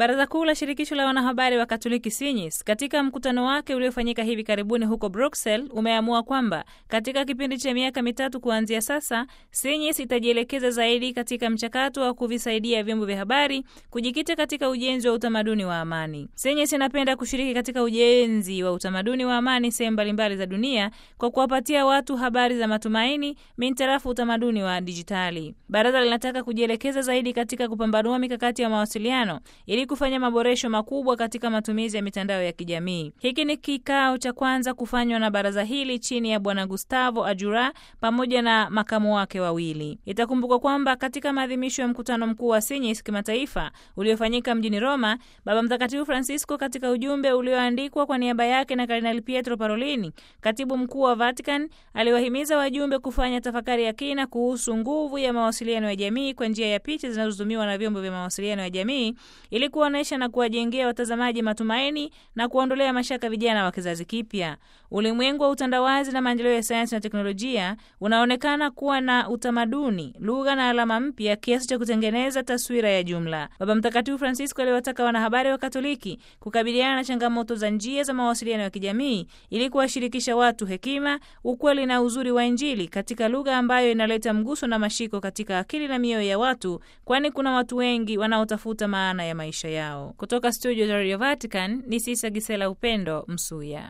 Baraza Kuu la Shirikisho la Wanahabari wa Katoliki SINYIS katika mkutano wake uliofanyika hivi karibuni huko Bruxelles umeamua kwamba katika kipindi cha miaka mitatu kuanzia sasa, SINYIS itajielekeza zaidi katika mchakato wa kuvisaidia vyombo vya habari kujikita katika ujenzi wa utamaduni wa amani. SINYIS inapenda kushiriki katika ujenzi wa utamaduni wa amani sehemu mbalimbali za dunia kwa kuwapatia watu habari za matumaini mintarafu utamaduni wa dijitali. Baraza linataka kujielekeza zaidi katika kupambanua mikakati ya mawasiliano ili kufanya maboresho makubwa katika matumizi ya mitandao ya kijamii. Hiki ni kikao cha kwanza kufanywa na baraza hili chini ya Bwana Gustavo Ajura pamoja na makamu wake wawili. Itakumbukwa kwamba katika maadhimisho ya mkutano mkuu wa Sinyis kimataifa uliofanyika mjini Roma, Baba Mtakatifu Francisco katika ujumbe ulioandikwa kwa niaba yake na Kardinali Pietro Parolini, katibu mkuu wa Vatican, aliwahimiza wajumbe kufanya tafakari ya kina kuhusu nguvu ya mawasiliano ya jamii kwa njia ya picha zinazotumiwa na vyombo vya mawasiliano ya jamii ili kuonesha na kuwajengea watazamaji matumaini na kuondolea mashaka vijana wa kizazi kipya. Ulimwengu wa utandawazi na maendeleo ya sayansi na teknolojia unaonekana kuwa na utamaduni, lugha na alama mpya kiasi cha kutengeneza taswira ya jumla. Baba Mtakatifu Francisco aliwataka wanahabari wa Katoliki kukabiliana na changamoto za njia za mawasiliano ya kijamii ili kuwashirikisha watu hekima, ukweli na uzuri wa Injili katika lugha ambayo inaleta mguso na mashiko katika akili na mioyo ya watu, kwani kuna watu wengi wanaotafuta maana ya maisha maisha yao. Kutoka studio za Radio Vatican ni Sisa Gisela Upendo Msuya.